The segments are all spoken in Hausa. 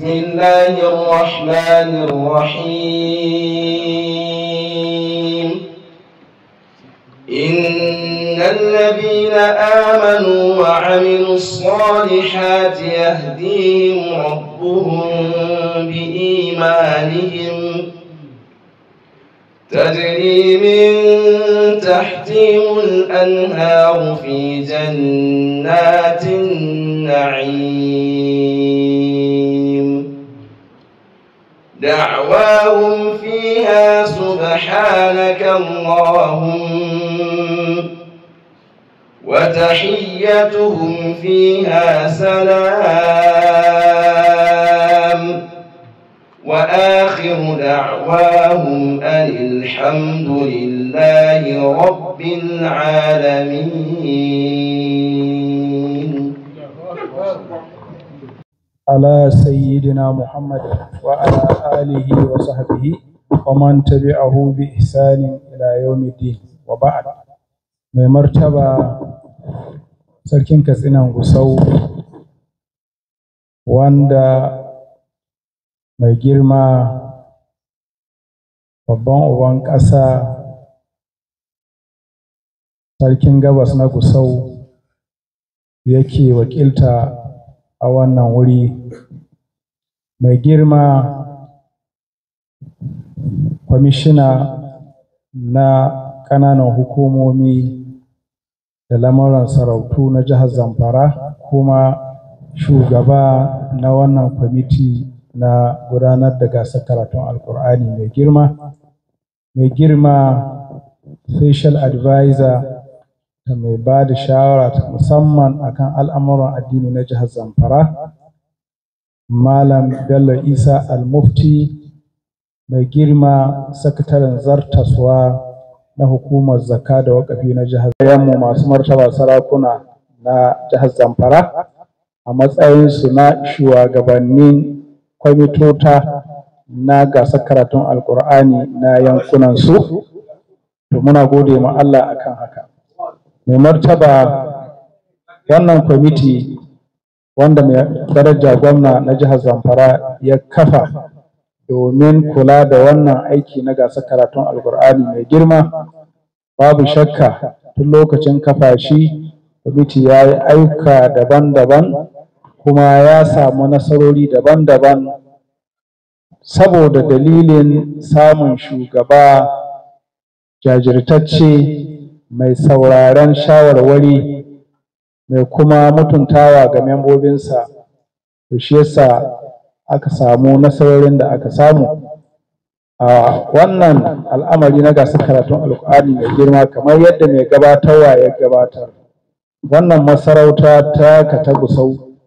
بسم الله الرحمن الرحيم إن الذين آمنوا وعملوا الصالحات يهديهم ربهم بإيمانهم تجري من تحتهم الأنهار في جنات النعيم دعواهم فيها سبحانك اللهم وتحيتهم فيها سلام وآخر دعواهم أن الحمد لله رب العالمين على سيدنا محمد وعلى آله وصحبه ومن تبعه بإحسان إلى يوم الدين وبعد mai martaba sarkin katsinan gusau wanda mai girma babban uban ƙasa sarkin gabas na gusau yake wakilta a wannan wuri mai girma kwamishina na ƙananan hukumomi da lamuran sarautu na jihar zamfara kuma shugaba na wannan kwamiti na gudanar da gasar karatun alkur'ani mai girma mai girma facial advisor ta mai ba da shawara ta musamman akan al'amuran addini na jihar zamfara malam bello isa almufti mai girma sakataren zartaswa na hukumar zakka da wakafi na jihar yamma masu martaba sarakuna na jihar zamfara a matsayin su na shugabannin kwamitota na gasar karatun Alƙur'ani na yankunan su to muna gode ma Allah akan haka mai martaba wannan kwamiti wanda mai daraja gwamna na jihar zamfara ya kafa domin kula da wannan aiki na gasar karatun alkur'ani mai girma babu shakka tun lokacin kafa shi kwamiti ya yi aika daban-daban kuma ya samu nasarori daban-daban saboda dalilin samun shugaba jajirtacce mai sauraron shawarwari mai kuma mutuntawa ga membobinsa to shi yasa aka samu nasarorin da aka samu a wannan al'amari na gasa karatun alkur'ani mai girma kamar yadda mai gabatarwa ya gabatar wannan masarauta ta katagusau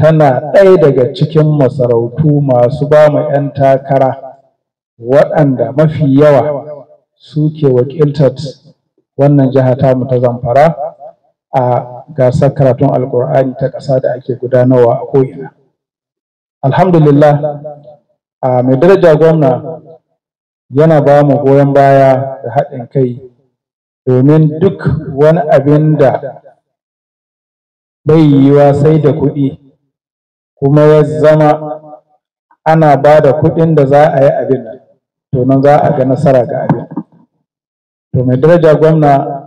tana ɗaya daga cikin masarautu masu ba mu 'yan takara waɗanda mafi yawa suke wakiltar wannan jiha mu ta zamfara a gasar karatun alkur'ani ta ƙasa da ake gudanarwa a ko'ina alhamdulillah a mai daraja gwamna yana ba mu goyon baya da haɗin kai domin duk wani abin da bai yiwa sai da kuɗi kuma ya zama ana ba da kuɗin da za a yi abin to nan za a ga nasara ga abin to mai daraja gwamna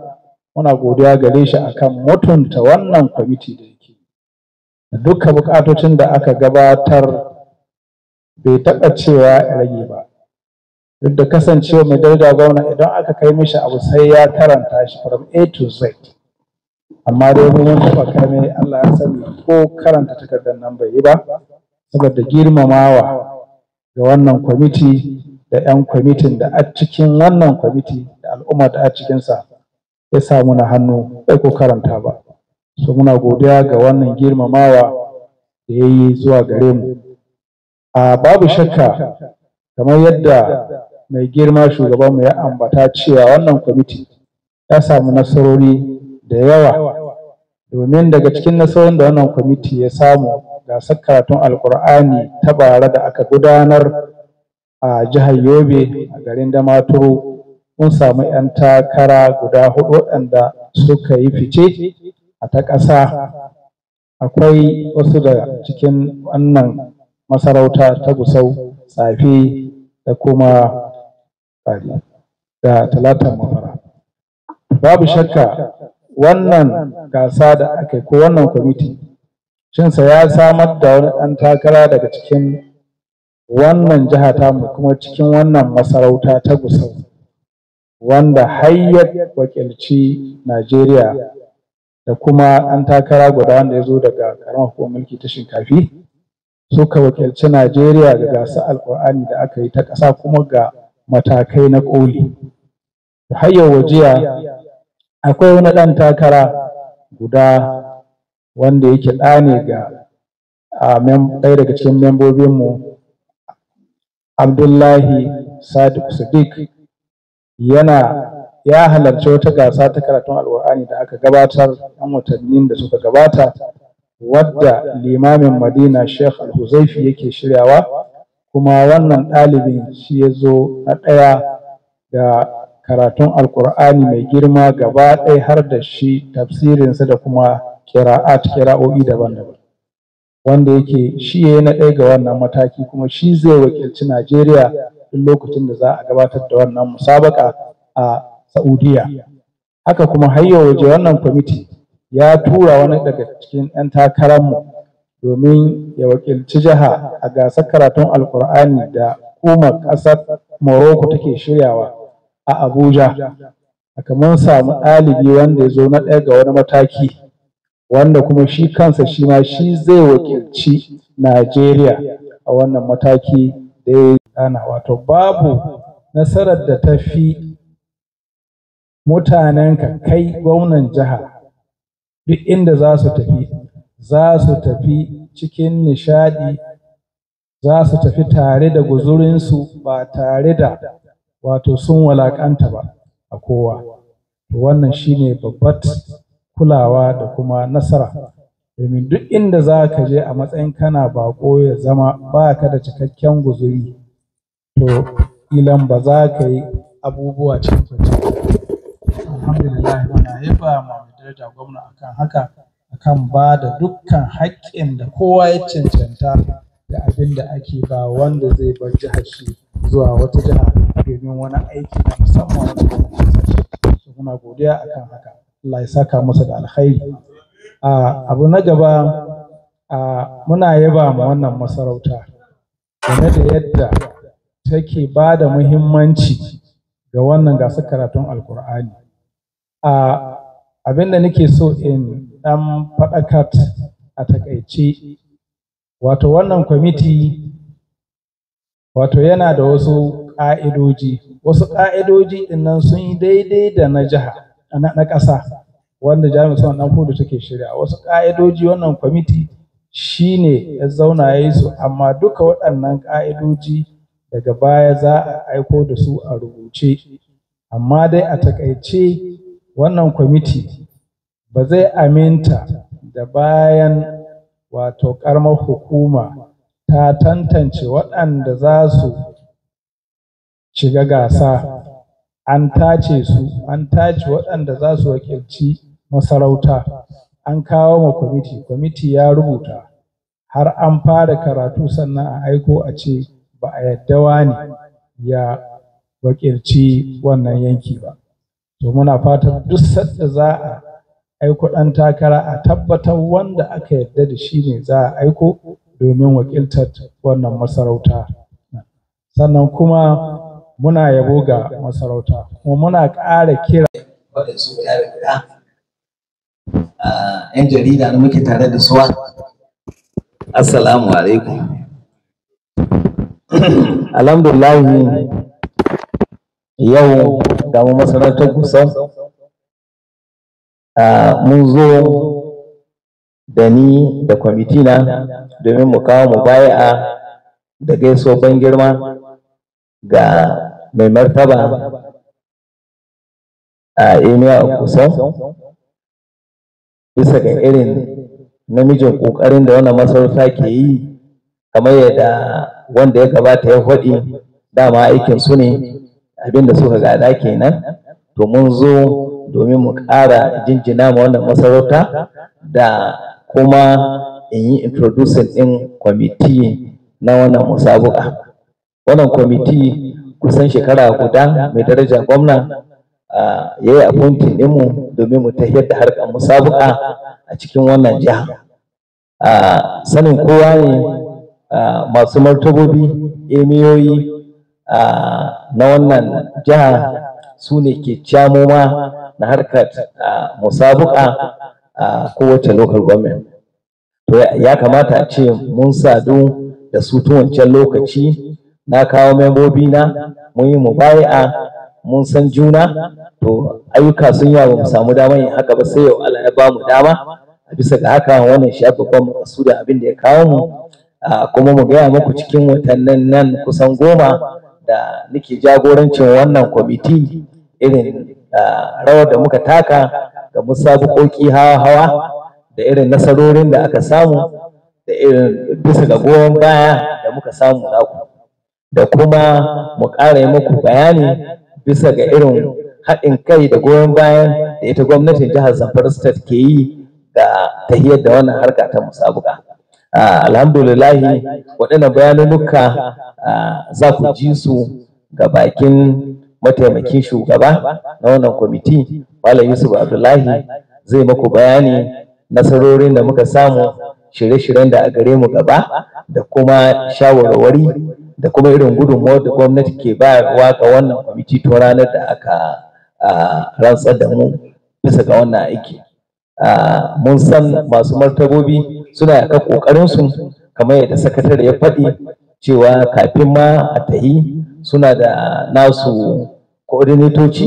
muna godiya gare shi a kan mutunta wannan kwamiti da yake duka bukatocin da aka gabatar bai taɓa cewa ya rage ba duk da kasancewa mai daraja gwamna idan aka kai mishi abu sai ya karanta shi from a to z amma dai mun taɓa kame allah ya sani ko karanta takardar nan bai yi ba saboda girmamawa ga wannan kwamiti da 'yan kwamitin da a cikin wannan kwamiti da al'ummar da a cikinsa ya sa muna hannu ko karanta ba so muna godiya ga wannan girmamawa da ya yi zuwa gare mu a babu shakka kamar yadda mai girma shugabanmu ya ambata cewa wannan kwamiti ya samu nasarori da yawa domin daga cikin nasarorin da wannan kwamiti ya samu gasar karatun alkur'ani ta bara da aka gudanar a jihar yobe a garin damaturu mun samu 'yan takara guda hudu waɗanda suka yi fice a ta ƙasa akwai wasu da cikin wannan masarauta ta gusau tsafi da kuma da talatan mafara babu shakka wannan gasa da aka ko wannan kwamiti shinsa ya samar da wani ɗan takara daga cikin wannan jihata mu kuma cikin wannan masarauta ta gusau wanda hayyar wakilci Najeriya da kuma an takara guda wanda ya zo daga karamar hukumar mulki ta shinkafi suka wakilci Najeriya ga gasa alkur'ani da aka yi ta ƙasa kuma ga matakai na ƙoli. Hayyar wajiya akwai wani ɗan takara guda wanda yake ɗane ga ɗaya daga cikin membobinmu Abdullahi Sadiq Sadiq yana ya halarci wata gasa ta karatun alkur'ani da aka gabatar a watannin da suka gabata wadda limamin madina sheikh al-huzaifi yake shiryawa kuma wannan ɗalibin shi ya zo na ɗaya da karatun alkur'ani mai girma gaba ɗaya har da shi tafsirinsa da kuma kira'at kira'o'i daban-daban wanda yake shi ya yi na ɗaya ga wannan mataki kuma shi zai wakilci najeriya duk lokacin da za a gabatar da wannan musabaka a Saudiya. Haka kuma hayya waje wannan kwamiti ya tura wani daga cikin 'yan takararmu domin ya wakilci jiha a gasar karatun alkur'ani da hukumar ƙasar Morocco take shiryawa a Abuja. Haka mun samu ɗalibi wanda ya zo na ɗaya ga wani mataki wanda kuma shi kansa shi ma shi zai wakilci Najeriya a wannan mataki da ya isti'ana wato babu nasarar da ta fi mutanenka kai gwamnan jiha duk inda za su tafi za su tafi cikin nishaɗi, za su tafi tare da guzurinsu ba tare da wato sun walakanta ba a kowa wannan shi ne babbat kulawa da kuma nasara domin duk inda za ka je a matsayin kana baƙo ya zama ba ka da cikakken guzuri to ilan ba za ka yi abubuwa cikin alhamdulillah muna yaba ma mai daraja gwamna akan haka akan ba da dukkan haƙƙin da kowa ya cancanta da abin da ake ba wanda zai bar jihar shi zuwa wata jiha domin wani aiki na musamman wanda muna godiya akan haka Allah ya saka masa da alkhairi abu na gaba muna yaba ma wannan masarauta game da yadda take ba da muhimmanci ga wannan gasar karatun alkur'ani a abin nake so in dan faɗakat a takaice wato wannan kwamiti wato yana da wasu ƙa'idoji wasu ƙa'idoji nan sun yi daidai da na jiha na ƙasa wanda jami'in sun ɗan kudu take shirya wasu ƙa'idoji wannan kwamiti shine ya zauna ya yi su amma duka waɗannan ƙa'idoji daga baya za a aiko da su a rubuce amma dai a takaice wannan kwamiti ba zai aminta da bayan wato ƙaramar hukuma ta tantance waɗanda za su shiga gasa an tace su an tace waɗanda za su wakilci masarauta an kawo ma kwamiti kwamiti ya rubuta har an fara karatu sannan a aiko a ce ba a yadda wani ya wakilci wannan yanki ba to muna fatan duk sadda za a aiko ɗan takara a tabbatar wanda aka yadda da shi ne za a aiko domin wakiltar wannan masarauta sannan kuma muna yabo ga masarauta kuma muna ƙara kira wadda su ah, yan jarida da muke tare da suwa assalamu alaikum alhamdulillahi yau ga mu masarautar kusan ah, mun zo da ni da kwamitina domin mu kawo mu baya'a da gaiso ban girma ga mai martaba a a kusan bisa ga irin namijin ƙoƙarin da wannan masarauta ke yi kamar yadda wanda ya gabata ya faɗi dama aikin su ne abinda suka gada kenan to mun zo domin mu ƙara jinjina ma wannan masarauta da kuma in yi introducing din kwamiti na wannan musabuka wannan kwamiti kusan shekara guda mai daraja gwamna ya yi appointing ɗinmu domin mu tafiyar da harkar musabuka a cikin wannan jiha sanin kowa ne masu martabobi emiyoyi na wannan jiha su ne ke camo ma na harkar musabuka a kowace local government to ya kamata a ce mun sadu da su tun wancan lokaci na kawo membobi na mun yi mubai'a mun san juna to ayyuka sun yi mu samu damar yin haka ba sai yau ala ya ba mu dama a bisa ga haka wannan shi babban da abin da ya kawo mu Ah, kuma mu gaya muku cikin watannin nan kusan goma da nake jagorancin wannan kwamiti irin ah, rawar da muka taka ga musabukoki hawa-hawa da irin nasarorin da aka samu da irin bisa ga goyon baya da muka samu naku da kuma mu ƙara muku bayani bisa ga irin haɗin kai da goyon bayan da ita gwamnatin jihar zamfara state ke yi da tahiyar da wannan harka ta musabuka Ah, alhamdulillahi waɗannan bayanannuka ah, za ku ji su ga bakin mataimakin shugaba na wannan kwamiti malam yusuf abdullahi zai maku bayani nasarorin da muka samu shirye-shiryen da a gare mu gaba da kuma shawarwari da kuma irin gudunmawar da gwamnati ke bayarwa ga wannan kwamiti to ranar da aka ah, rantsar da mu bisa ga wannan aiki mun san masu martabobi suna ga kokarin su kamar yadda sakatare ya faɗi cewa kafin ma a tahi suna da nasu koordinatoci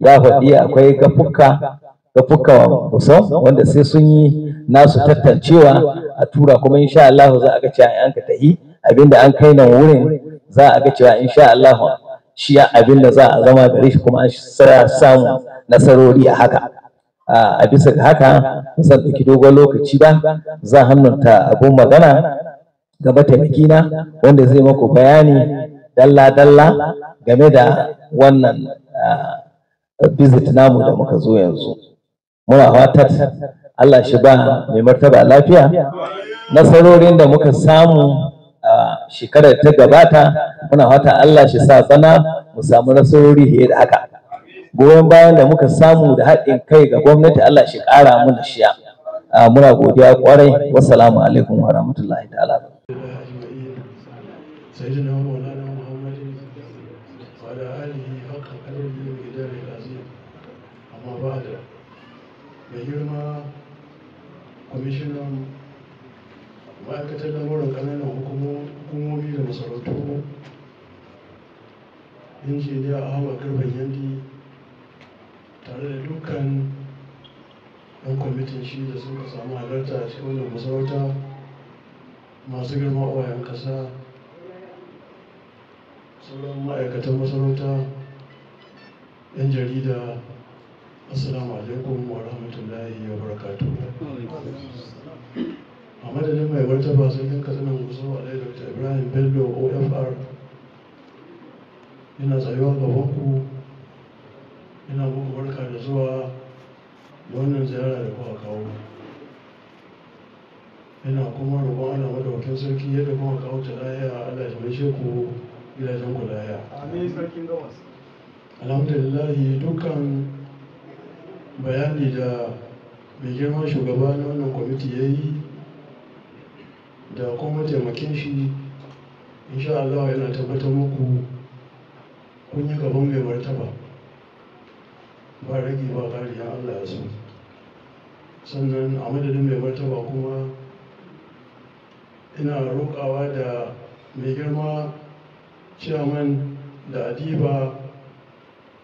ya faɗi akwai gafuka gafuka wanda sai sun yi nasu tattancewa a tura kuma insha Allah za a ga cewa an ka tahi abinda an kai nan wurin za a ga cewa insha Allah shi abinda za a zama gare shi kuma an samu nasarori a haka a bisa haka zan ɗauki dogon lokaci ba zan hannunta abun magana ga mataimakina wanda zai maku bayani dalla-dalla game da wannan bizit namu da muka zo yanzu muna fatar Allah shi ba mai martaba lafiya nasarorin da muka samu a shekarar ta gabata muna fata Allah shi sa tsana mu samu nasarori fiye da haka goyon bayan da muka samu da haɗin kai ga gwamnati Allah shi ƙara mana shiya ah, muna godiya ƙwarai wassalamu alaikum wa rahmatullahi ta'ala da masarautu injiniya ahmad garban yandi tare da dukkan yan kwamitin shi da suka samu halarta a cikin wannan masarauta masu girma wayan kasa sauran ma'aikatan masarauta yan jarida assalamu alaikum wa rahmatullahi wa barakatu a madadin mai martaba sarkin katsinan guso a dr ibrahim bello ofr yana tsayuwa gaban ku ina muku barka da zuwa wannan ziyara da kuka kawo ina kuma roƙon Allah madaukakin sarki yadda kuma kawo ta lahiya Allah ya mace ku gidajen ku lahiya amin sarkin gawas alhamdulillah dukkan bayani da mai girman shugaba na wannan kwamiti ya yi da kuma taimakin shi insha Allah yana tabbatar muku kun yi gaban mai martaba ba rage ba ƙari ya Allah ya so sannan a madadin mai martaba kuma ina roƙawa da mai girma ciyaman da adiba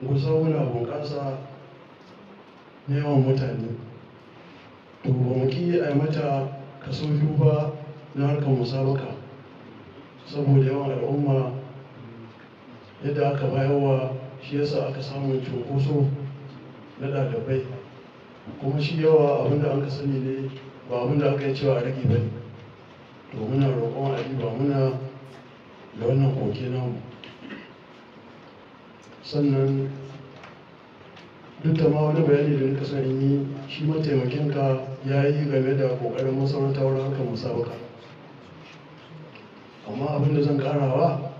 gusa wuna bunƙasa na yawan mutane to ba mu ki a mata kaso biyu ba na harkar musabaka saboda yawan al'umma yadda aka bayarwa shi yasa aka samun cunkoso na ɗalibai kuma shi yawa abinda an ka sani ne ba abinda aka yi cewa a rage ba ne to muna roƙon a ba muna da wannan koke namu sannan duk da ma wani bayani da nika sani yi shi mataimakinka ya yi game da ƙoƙarin masarauta wurin harkar musabaka amma abinda zan karawa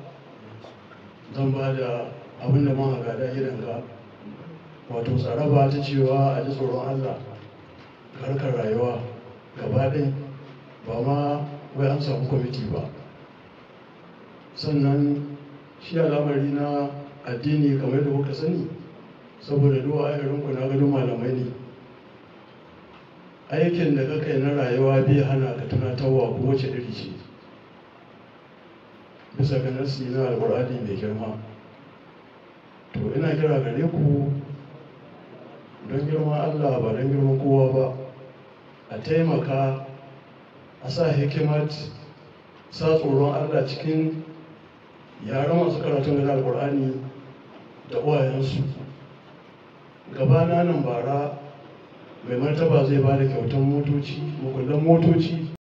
zan ba da abinda ma a gada ka. wato tsaraba ta cewa a ji tsoron allah harkar rayuwa gaba ɗin ba ma wai an samu kwamiti ba sannan shi al'amari na addini kamar da kuka sani saboda duwa ayarin ku na gado malamai ne aikin da ka kai na rayuwa bai hana ka tunatarwa ko wace iri ce bisa ga nasi na alburadi mai girma to ina kira gare ku don girma allah ba don girman kowa ba a taimaka a sa hikimat sa tsoron allah cikin yaran masu karatun gada alkur'ani da uwayensu gabana nan bara mai martaba zai ba da kyautan motoci mukullan motoci